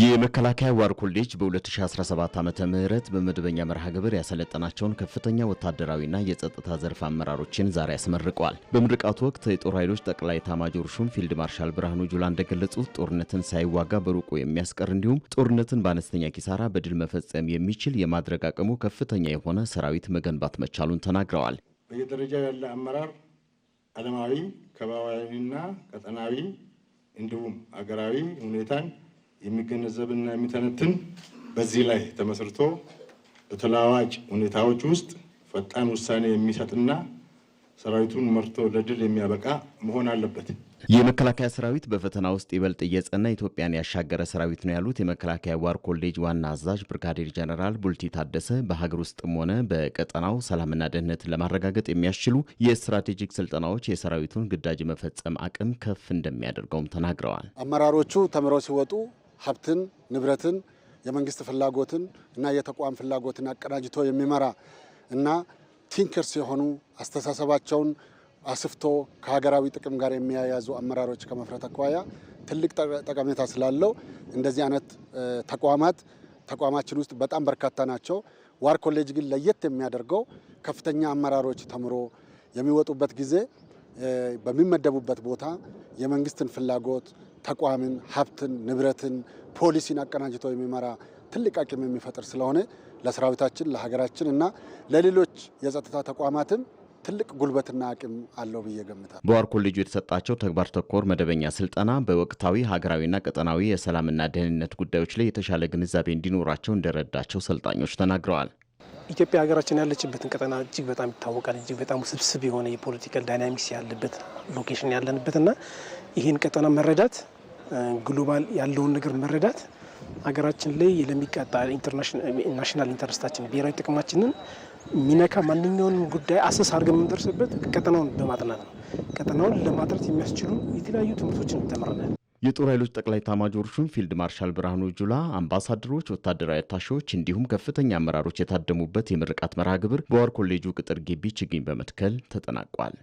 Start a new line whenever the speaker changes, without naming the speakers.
የመከላከያ ዋር ኮሌጅ በ2017 ዓ ም በመደበኛ መርሃ ግብር ያሰለጠናቸውን ከፍተኛ ወታደራዊና የጸጥታ ዘርፍ አመራሮችን ዛሬ ያስመርቀዋል። በምርቃቱ ወቅት የጦር ኃይሎች ጠቅላይ ኤታማዦር ሹም ፊልድ ማርሻል ብርሃኑ ጁላ እንደገለጹት ጦርነትን ሳይዋጋ በሩቁ የሚያስቀር እንዲሁም ጦርነትን በአነስተኛ ኪሳራ በድል መፈጸም የሚችል የማድረግ አቅሙ ከፍተኛ የሆነ ሰራዊት መገንባት መቻሉን ተናግረዋል።
በየደረጃ ያለ አመራር ዓለማዊ ከባባዊና ቀጠናዊ እንዲሁም አገራዊ ሁኔታን የሚገነዘብና የሚተነትን በዚህ ላይ ተመስርቶ በተለዋዋጭ ሁኔታዎች ውስጥ ፈጣን ውሳኔ የሚሰጥና ሰራዊቱን መርቶ ለድል የሚያበቃ መሆን አለበት።
የመከላከያ ሰራዊት በፈተና ውስጥ ይበልጥ እየጸና ኢትዮጵያን ያሻገረ ሰራዊት ነው ያሉት የመከላከያ ዋር ኮሌጅ ዋና አዛዥ ብርጋዴር ጀነራል ቡልቲ ታደሰ በሀገር ውስጥም ሆነ በቀጠናው ሰላምና ደህንነትን ለማረጋገጥ የሚያስችሉ የስትራቴጂክ ስልጠናዎች የሰራዊቱን ግዳጅ መፈጸም አቅም ከፍ እንደሚያደርገውም ተናግረዋል።
አመራሮቹ ተምረው ሲወጡ ሀብትን፣ ንብረትን፣ የመንግስት ፍላጎትን እና የተቋም ፍላጎትን አቀናጅቶ የሚመራ እና ቲንከርስ የሆኑ አስተሳሰባቸውን አስፍቶ ከሀገራዊ ጥቅም ጋር የሚያያዙ አመራሮች ከመፍረት አኳያ ትልቅ ጠቀሜታ ስላለው እንደዚህ አይነት ተቋማት ተቋማችን ውስጥ በጣም በርካታ ናቸው። ዋር ኮሌጅ ግን ለየት የሚያደርገው ከፍተኛ አመራሮች ተምሮ የሚወጡበት ጊዜ በሚመደቡበት ቦታ የመንግስትን ፍላጎት ተቋምን፣ ሀብትን፣ ንብረትን፣ ፖሊሲን አቀናጅቶ የሚመራ ትልቅ አቅም የሚፈጥር ስለሆነ ለሰራዊታችን፣ ለሀገራችን እና ለሌሎች የጸጥታ ተቋማትም ትልቅ ጉልበትና አቅም አለው ብዬ ገምታል።
በዋር ኮሌጁ የተሰጣቸው ተግባር ተኮር መደበኛ ስልጠና በወቅታዊ ሀገራዊና ቀጠናዊ የሰላምና ደህንነት ጉዳዮች ላይ የተሻለ ግንዛቤ እንዲኖራቸው እንደረዳቸው ሰልጣኞች ተናግረዋል።
ኢትዮጵያ ሀገራችን ያለችበትን ቀጠና እጅግ በጣም ይታወቃል። እጅግ በጣም ውስብስብ የሆነ የፖለቲካል ዳይናሚክስ ያለበት ሎኬሽን ያለንበትና ይህን ቀጠና መረዳት ግሎባል ያለውን ነገር መረዳት ሀገራችን ላይ ለሚቀጣ ናሽናል ኢንተረስታችን ብሔራዊ ጥቅማችንን ሚነካ ማንኛውንም ጉዳይ አሰስ አድርገን የምንደርስበት ቀጠናውን በማጥናት ነው። ቀጠናውን ለማጥረት የሚያስችሉ የተለያዩ ትምህርቶችን ተምረናል።
የጦር ኃይሎች ጠቅላይ ኤታማዦር ሹም ፊልድ ማርሻል ብርሃኑ ጁላ አምባሳደሮች፣ ወታደራዊ አታሺዎች እንዲሁም ከፍተኛ አመራሮች የታደሙበት የምርቃት መርሃ ግብር በዋር ኮሌጁ ቅጥር ግቢ ችግኝ በመትከል ተጠናቋል።